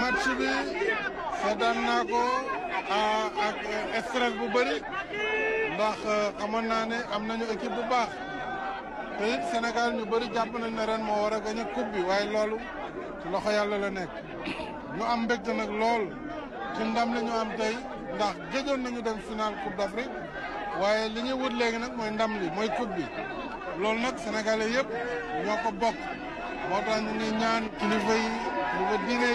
match bi seetaan naa ko ah, ak eh, stress bu bëri ndax eh, xamoon naa ne am nañu équipe bu baax te Sénégal ñu bëri jàpp nañ ne ren moo war a gañe coupe bi waaye loolu loxo yàlla la nekk ñu am mbégte nag lool ci ndam la ñu am tey ndax gëjoon nañu dem final coupe d'Afrique waaye li ñuy wut léegi nag mooy ndam li mooy coupe bi loolu nag sénégalais yëpp ñoo ko bokk moo tax ñu ngi ñaan kilifa yi lu ko diine